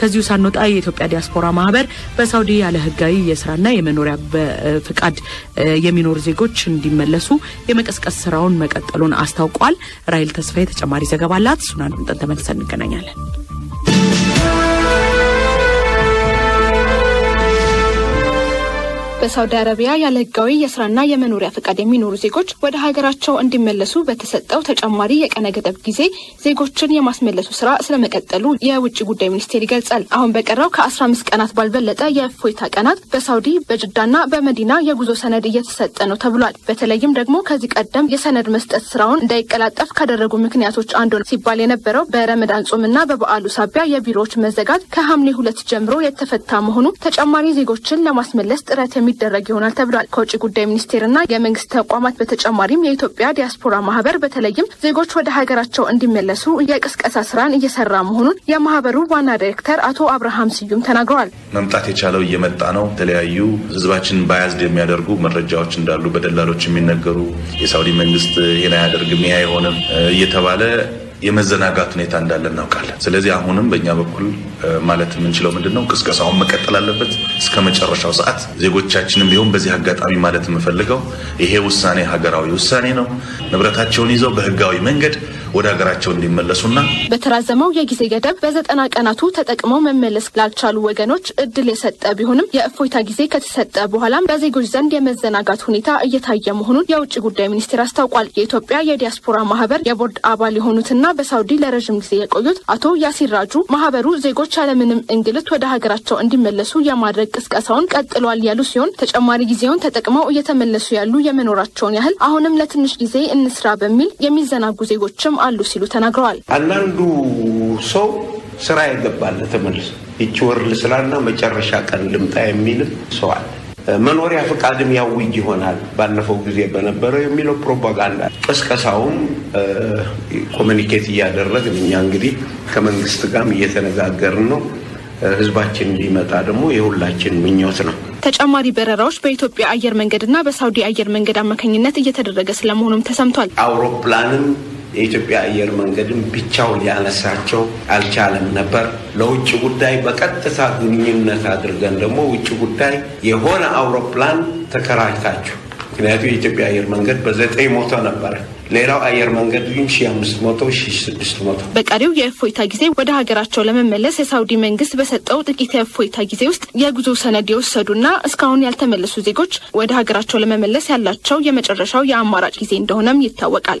ከዚሁ ሳንወጣ የኢትዮጵያ ዲያስፖራ ማህበር በሳውዲ ያለ ህጋዊ የስራና የመኖሪያ ፍቃድ የሚኖር ዜጎች እንዲመለሱ የመቀስቀስ ስራውን መቀጠሉን አስታውቋል። ራይል ተስፋዬ ተጨማሪ ዘገባ አላት። እሱን ምጠን ተመልሰን እንገናኛለን። በሳውዲ አረቢያ ያለ ህጋዊ የስራና የመኖሪያ ፈቃድ የሚኖሩ ዜጎች ወደ ሀገራቸው እንዲመለሱ በተሰጠው ተጨማሪ የቀነ ገደብ ጊዜ ዜጎችን የማስመለሱ ስራ ስለመቀጠሉ የውጭ ጉዳይ ሚኒስቴር ይገልጻል። አሁን በቀረው ከ15 ቀናት ባልበለጠ የእፎይታ ቀናት በሳውዲ በጅዳና በመዲና የጉዞ ሰነድ እየተሰጠ ነው ተብሏል። በተለይም ደግሞ ከዚህ ቀደም የሰነድ መስጠት ስራውን እንዳይቀላጠፍ ካደረጉ ምክንያቶች አንዱ ነው ሲባል የነበረው በረመዳን ጾምና በበዓሉ ሳቢያ የቢሮዎች መዘጋት ከሐምሌ ሁለት ጀምሮ የተፈታ መሆኑ ተጨማሪ ዜጎችን ለማስመለስ ጥረት የሚ የሚደረግ ይሆናል ተብሏል። ከውጭ ጉዳይ ሚኒስቴርና የመንግስት ተቋማት በተጨማሪም የኢትዮጵያ ዲያስፖራ ማህበር በተለይም ዜጎች ወደ ሀገራቸው እንዲመለሱ የቅስቀሳ ስራን እየሰራ መሆኑን የማህበሩ ዋና ዳይሬክተር አቶ አብርሃም ስዩም ተናግረዋል። መምጣት የቻለው እየመጣ ነው። የተለያዩ ህዝባችን ባያዝድ የሚያደርጉ መረጃዎች እንዳሉ በደላሎች የሚነገሩ የሳውዲ መንግስት ይሄን አያደርግም ይሄ አይሆንም እየተባለ የመዘናጋት ሁኔታ እንዳለ እናውቃለን። ስለዚህ አሁንም በእኛ በኩል ማለት የምንችለው ምንድን ነው፣ ቅስቀሳውን መቀጠል አለበት እስከ መጨረሻው ሰዓት። ዜጎቻችንም ቢሆን በዚህ አጋጣሚ ማለት የምፈልገው ይሄ ውሳኔ ሀገራዊ ውሳኔ ነው። ንብረታቸውን ይዘው በህጋዊ መንገድ ወደ ሀገራቸው እንዲመለሱና በተራዘመው የጊዜ ገደብ በዘጠና ቀናቱ ተጠቅመው መመለስ ላልቻሉ ወገኖች እድል የሰጠ ቢሆንም የእፎይታ ጊዜ ከተሰጠ በኋላም በዜጎች ዘንድ የመዘናጋት ሁኔታ እየታየ መሆኑን የውጭ ጉዳይ ሚኒስቴር አስታውቋል። የኢትዮጵያ የዲያስፖራ ማህበር የቦርድ አባል የሆኑትና በሳውዲ ለረዥም ጊዜ የቆዩት አቶ ያሲር ራጁ ማህበሩ ዜጎች ያለምንም እንግልት ወደ ሀገራቸው እንዲመለሱ የማድረግ ቅስቀሳውን ቀጥሏል ያሉ ሲሆን ተጨማሪ ጊዜውን ተጠቅመው እየተመለሱ ያሉ የመኖራቸውን ያህል አሁንም ለትንሽ ጊዜ እንስራ በሚል የሚዘናጉ ዜጎችም አሉ ሲሉ ተናግረዋል። አንዳንዱ ሰው ስራ ይገባል ተመልሶ ይቺ ወር ልስራና መጨረሻ ቀን ልምጣ የሚልም ሰው አለ። መኖሪያ ፈቃድም ያውጅ ይሆናል ባለፈው ጊዜ በነበረው የሚለው ፕሮፓጋንዳ ቅስቀሳውም ኮሚኒኬት እያደረግን እኛ እንግዲህ ከመንግስት ጋርም እየተነጋገርን ነው። ህዝባችን እንዲመጣ ደግሞ የሁላችን ምኞት ነው። ተጨማሪ በረራዎች በኢትዮጵያ አየር መንገድና በሳውዲ አየር መንገድ አማካኝነት እየተደረገ ስለመሆኑም ተሰምቷል። አውሮፕላንም የኢትዮጵያ አየር መንገድም ብቻው ሊያነሳቸው አልቻለም ነበር። ለውጭ ጉዳይ በቀጥታ ግንኙነት አድርገን ደግሞ ውጭ ጉዳይ የሆነ አውሮፕላን ተከራይታችሁ ምክንያቱ የኢትዮጵያ አየር መንገድ በዘጠኝ ሞቶ ነበረ። ሌላው አየር መንገድ ግን ሺ አምስት መቶ ሺ ስድስት መቶ። በቀሪው የእፎይታ ጊዜ ወደ ሀገራቸው ለመመለስ የሳውዲ መንግስት በሰጠው ጥቂት የእፎይታ ጊዜ ውስጥ የጉዞ ሰነድ የወሰዱና እስካሁን ያልተመለሱ ዜጎች ወደ ሀገራቸው ለመመለስ ያላቸው የመጨረሻው የአማራጭ ጊዜ እንደሆነም ይታወቃል።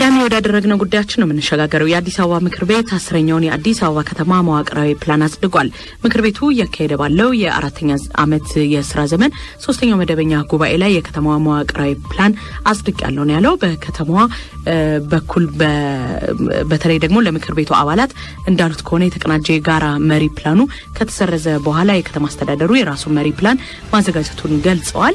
ቀዳሚ ወዳደረግነው ጉዳያችን ነው የምንሸጋገረው። የአዲስ አበባ ምክር ቤት አስረኛውን የአዲስ አበባ ከተማ መዋቅራዊ ፕላን አጽድቋል። ምክር ቤቱ እያካሄደ ባለው የአራተኛ ዓመት የስራ ዘመን ሶስተኛው መደበኛ ጉባኤ ላይ የከተማዋ መዋቅራዊ ፕላን አጽድቅ ያለው ነው ያለው። በከተማዋ በኩል በተለይ ደግሞ ለምክር ቤቱ አባላት እንዳሉት ከሆነ የተቀናጀ የጋራ መሪ ፕላኑ ከተሰረዘ በኋላ የከተማ አስተዳደሩ የራሱን መሪ ፕላን ማዘጋጀቱን ገልጸዋል።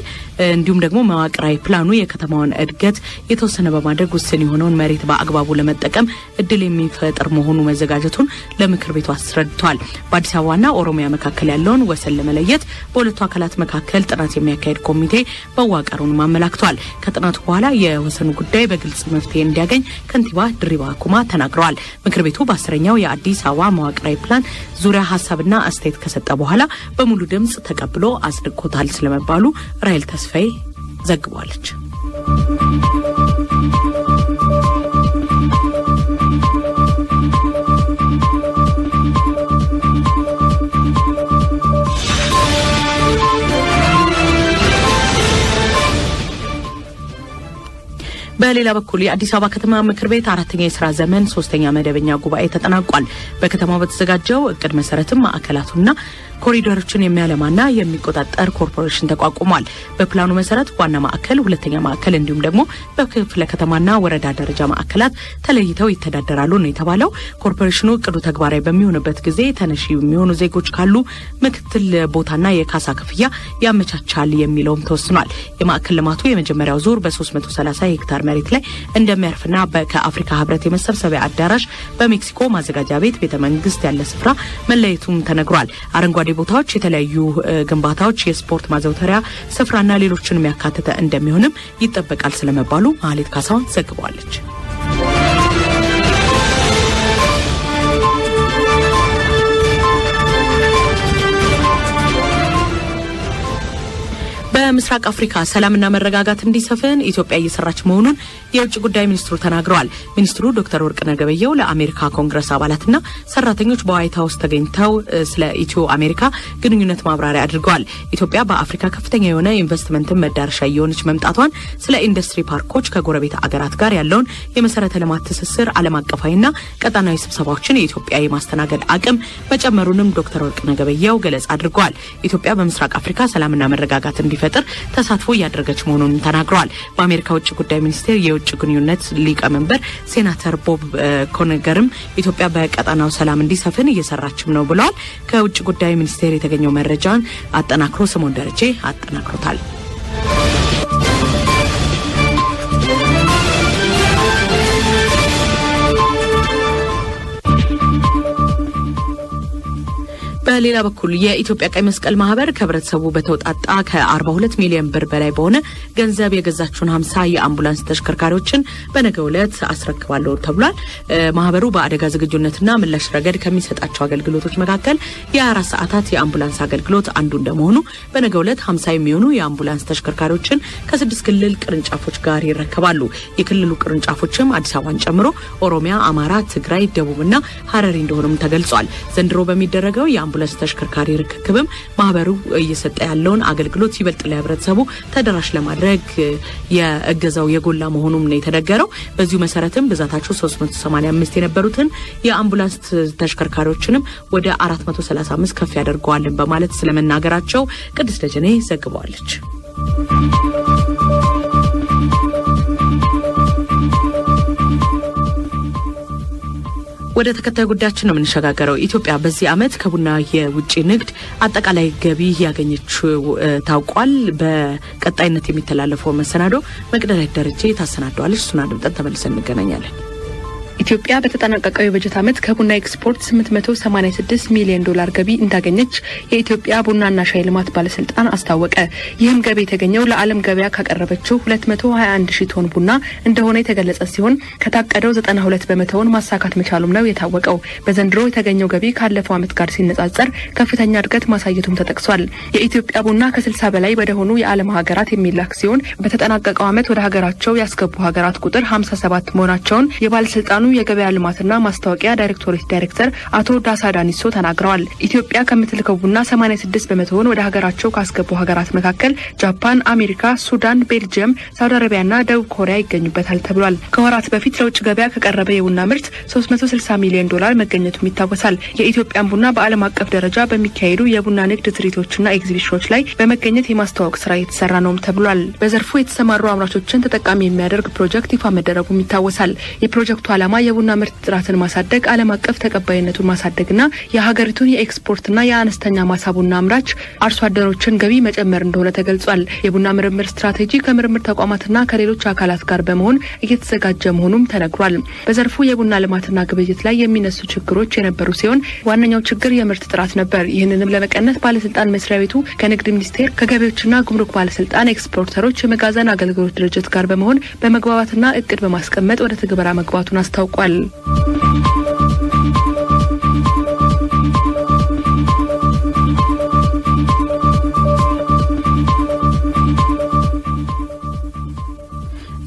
እንዲሁም ደግሞ መዋቅራዊ ፕላኑ የከተማውን እድገት የተወሰነ በማድረግ ውስን የሆነውን መሬት በአግባቡ ለመጠቀም እድል የሚፈጥር መሆኑ መዘጋጀቱን ለምክር ቤቱ አስረድቷል። በአዲስ አበባና ኦሮሚያ መካከል ያለውን ወሰን ለመለየት በሁለቱ አካላት መካከል ጥናት የሚያካሄድ ኮሚቴ መዋቀሩንም አመላክቷል። ከጥናቱ በኋላ የወሰኑ ጉዳይ በግልጽ መፍትሄ እንዲያገኝ ከንቲባ ድሪባ ኩማ ተናግረዋል። ምክር ቤቱ በአስረኛው የአዲስ አበባ መዋቅራዊ ፕላን ዙሪያ ሀሳብና አስተያየት ከሰጠ በኋላ በሙሉ ድምጽ ተቀብሎ አጽድቆታል ስለመባሉ ራይል ተስፋዬ ዘግቧለች። በሌላ በኩል የአዲስ አበባ ከተማ ምክር ቤት አራተኛ የስራ ዘመን ሶስተኛ መደበኛ ጉባኤ ተጠናቋል። በከተማው በተዘጋጀው እቅድ መሰረትም ማዕከላቱና ኮሪደሮችን የሚያለማና የሚቆጣጠር ኮርፖሬሽን ተቋቁሟል። በፕላኑ መሰረት ዋና ማዕከል፣ ሁለተኛ ማዕከል እንዲሁም ደግሞ በክፍለ ከተማና ወረዳ ደረጃ ማዕከላት ተለይተው ይተዳደራሉ ነው የተባለው። ኮርፖሬሽኑ እቅዱ ተግባራዊ በሚሆንበት ጊዜ ተነሺ የሚሆኑ ዜጎች ካሉ ምክትል ቦታና የካሳ ክፍያ ያመቻቻል የሚለውም ተወስኗል። የማዕከል ልማቱ የመጀመሪያው ዙር በ330 ሄክታር መሬት ላይ እንደሚያርፍና ከአፍሪካ ህብረት የመሰብሰቢያ አዳራሽ በሜክሲኮ ማዘጋጃ ቤት ቤተ መንግስት ያለ ስፍራ መለየቱም ተነግሯል። አረንጓዴ ቦታዎች፣ የተለያዩ ግንባታዎች፣ የስፖርት ማዘውተሪያ ስፍራና ሌሎችንም ያካተተ እንደሚሆንም ይጠበቃል ስለመባሉ ማህሌት ካሳሁን ዘግበዋለች። በምስራቅ አፍሪካ ሰላምና መረጋጋት እንዲሰፍን ኢትዮጵያ እየሰራች መሆኑን የውጭ ጉዳይ ሚኒስትሩ ተናግረዋል። ሚኒስትሩ ዶክተር ወርቅነህ ገበየሁ ለአሜሪካ ኮንግረስ አባላትና ሰራተኞች በዋይት ሀውስ ተገኝተው ስለ ኢትዮ አሜሪካ ግንኙነት ማብራሪያ አድርገዋል። ኢትዮጵያ በአፍሪካ ከፍተኛ የሆነ ኢንቨስትመንትን መዳረሻ እየሆነች መምጣቷን፣ ስለ ኢንዱስትሪ ፓርኮች፣ ከጎረቤት አገራት ጋር ያለውን የመሰረተ ልማት ትስስር፣ ዓለም አቀፋዊና ቀጣናዊ ስብሰባዎችን የኢትዮጵያ የማስተናገድ አቅም መጨመሩንም ዶክተር ወርቅነህ ገበየሁ ገለጻ አድርገዋል። ኢትዮጵያ በምስራቅ አፍሪካ ሰላምና መረጋጋት እንዲፈጥር ቁጥጥር ተሳትፎ እያደረገች መሆኑን ተናግረዋል። በአሜሪካ ውጭ ጉዳይ ሚኒስቴር የውጭ ግንኙነት ሊቀመንበር ሴናተር ቦብ ኮነገርም ኢትዮጵያ በቀጠናው ሰላም እንዲሰፍን እየሰራችም ነው ብለዋል። ከውጭ ጉዳይ ሚኒስቴር የተገኘው መረጃን አጠናክሮ ስሞን ደረጀ አጠናክሮታል። በሌላ በኩል የኢትዮጵያ ቀይ መስቀል ማህበር ከህብረተሰቡ በተውጣጣ ከ42 ሚሊዮን ብር በላይ በሆነ ገንዘብ የገዛችውን 50 የአምቡላንስ ተሽከርካሪዎችን በነገ ዕለት አስረክባለሁ ተብሏል። ማህበሩ በአደጋ ዝግጁነትና ምላሽ ረገድ ከሚሰጣቸው አገልግሎቶች መካከል የአራት ሰዓታት የአምቡላንስ አገልግሎት አንዱ እንደመሆኑ በነገ ዕለት 50 የሚሆኑ የአምቡላንስ ተሽከርካሪዎችን ከስድስት ክልል ቅርንጫፎች ጋር ይረከባሉ። የክልሉ ቅርንጫፎችም አዲስ አበባን ጨምሮ ኦሮሚያ፣ አማራ፣ ትግራይ፣ ደቡብና ሀረሪ እንደሆኑም ተገልጿል። ዘንድሮ በሚደረገው የአምቡላንስ ተሽከርካሪ ርክክብም ማህበሩ እየሰጠ ያለውን አገልግሎት ይበልጥ ለህብረተሰቡ ተደራሽ ለማድረግ የእገዛው የጎላ መሆኑም ነው የተነገረው። በዚሁ መሰረትም ብዛታቸው 385 የነበሩትን የአምቡላንስ ተሽከርካሪዎችንም ወደ 435 ከፍ ያደርገዋልን በማለት ስለመናገራቸው ቅድስት ደጀኔ ዘግበዋለች። ወደ ተከታይ ጉዳያችን ነው የምንሸጋገረው። ኢትዮጵያ በዚህ ዓመት ከቡና የውጭ ንግድ አጠቃላይ ገቢ ያገኘችው ታውቋል። በቀጣይነት የሚተላለፈው መሰናዶ መቅደላዊት ደረጃ ታሰናደዋለች። እሱን አድምጠን ተመልሰን እንገናኛለን። ኢትዮጵያ በተጠናቀቀው የበጀት ዓመት ከቡና ኤክስፖርት 886 ሚሊዮን ዶላር ገቢ እንዳገኘች የኢትዮጵያ ቡናና ሻይ ልማት ባለስልጣን አስታወቀ። ይህም ገቢ የተገኘው ለዓለም ገበያ ካቀረበችው 221 ሺህ ቶን ቡና እንደሆነ የተገለጸ ሲሆን ከታቀደው 92 በመቶውን ማሳካት መቻሉም ነው የታወቀው። በዘንድሮ የተገኘው ገቢ ካለፈው ዓመት ጋር ሲነጻጸር ከፍተኛ እድገት ማሳየቱም ተጠቅሷል። የኢትዮጵያ ቡና ከ60 በላይ ወደሆኑ የዓለም ሀገራት የሚላክ ሲሆን በተጠናቀቀው ዓመት ወደ ሀገራቸው ያስገቡ ሀገራት ቁጥር 57 መሆናቸውን የባለስልጣኑ የባለስልጣኑ የገበያ ልማትና ማስታወቂያ ዳይሬክቶሬት ዳይሬክተር አቶ ዳሳ ዳኒሶ ተናግረዋል። ኢትዮጵያ ከምትልከው ቡና 86 በመቶውን ወደ ሀገራቸው ካስገቡ ሀገራት መካከል ጃፓን፣ አሜሪካ፣ ሱዳን፣ ቤልጅየም፣ ሳውዲ አረቢያና ደቡብ ኮሪያ ይገኙበታል ተብሏል። ከወራት በፊት ለውጭ ገበያ ከቀረበ የቡና ምርት 360 ሚሊዮን ዶላር መገኘቱም ይታወሳል። የኢትዮጵያን ቡና በዓለም አቀፍ ደረጃ በሚካሄዱ የቡና ንግድ ትርኢቶችና ኤግዚቢሽኖች ላይ በመገኘት የማስተዋወቅ ስራ የተሰራ ነውም ተብሏል። በዘርፉ የተሰማሩ አምራቾችን ተጠቃሚ የሚያደርግ ፕሮጀክት ይፋ መደረጉም ይታወሳል። የፕሮጀክቱ ዓላማ ዓላማ የቡና ምርት ጥራትን ማሳደግ፣ ዓለም አቀፍ ተቀባይነቱን ማሳደግና የሀገሪቱን የኤክስፖርትና የአነስተኛ ማሳ ቡና አምራች አርሶ አደሮችን ገቢ መጨመር እንደሆነ ተገልጿል። የቡና ምርምር ስትራቴጂ ከምርምር ተቋማትና ከሌሎች አካላት ጋር በመሆን እየተዘጋጀ መሆኑም ተነግሯል። በዘርፉ የቡና ልማትና ግብይት ላይ የሚነሱ ችግሮች የነበሩ ሲሆን ዋነኛው ችግር የምርት ጥራት ነበር። ይህንንም ለመቀነስ ባለስልጣን መስሪያ ቤቱ ከንግድ ሚኒስቴር፣ ከገቢዎችና ጉምሩክ ባለስልጣን፣ ኤክስፖርተሮች፣ የመጋዘን አገልግሎት ድርጅት ጋር በመሆን በመግባባትና እቅድ በማስቀመጥ ወደ ትግበራ መግባቱን አስታውቋል። ታውቋል።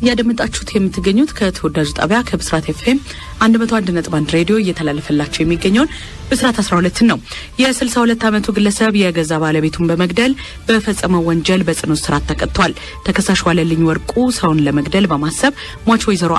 እያደመጣችሁት የምትገኙት ከተወዳጁ ጣቢያ ከብስራት ኤፍኤም 101.1 ሬዲዮ እየተላለፈላቸው የሚገኘውን ብስራት 12 ነው። የ62 ዓመቱ ግለሰብ የገዛ ባለቤቱን በመግደል በፈጸመው ወንጀል በጽኑ እስራት ተቀጥቷል። ተከሳሽ ዋለልኝ ወርቁ ሰውን ለመግደል በማሰብ ሟች ወይዘሮ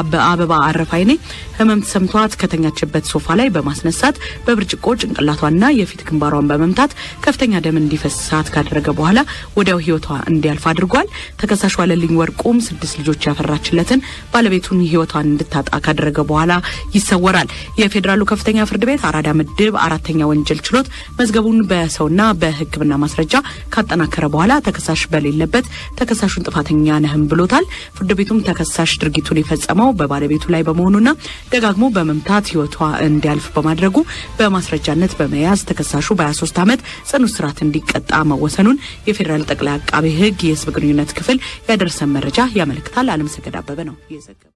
አበባ አረፋይኔ ህመም ተሰምቷት ከተኛችበት ሶፋ ላይ በማስነሳት በብርጭቆ ጭንቅላቷና የፊት ግንባሯን በመምታት ከፍተኛ ደም እንዲፈሳት ካደረገ በኋላ ወዲያው ህይወቷ እንዲያልፍ አድርጓል። ተከሳሽ ዋለልኝ ወርቁም ስድስት ልጆች ያፈራችለትን ባለቤቱን ህይወቷን እንድታጣ ካደረገ በኋላ ይሰወራል። የፌዴራሉ ከፍተኛ ፍርድ ቤት አራዳ ምድብ አራተኛ ወንጀል ችሎት መዝገቡን በሰውና በሕክምና ማስረጃ ካጠናከረ በኋላ ተከሳሽ በሌለበት ተከሳሹን ጥፋተኛ ነህም ብሎታል። ፍርድ ቤቱም ተከሳሽ ድርጊቱን የፈጸመው በባለቤቱ ላይ በመሆኑና ደጋግሞ በመምታት ህይወቷ እንዲያልፍ በማድረጉ በማስረጃነት በመያዝ ተከሳሹ በ23 ዓመት ጽኑ እስራት እንዲቀጣ መወሰኑን የፌዴራል ጠቅላይ አቃቤ ሕግ የህዝብ ግንኙነት ክፍል ያደረሰን መረጃ ያመለክታል። አለም ሰገድ አበበ ነው የዘገበው።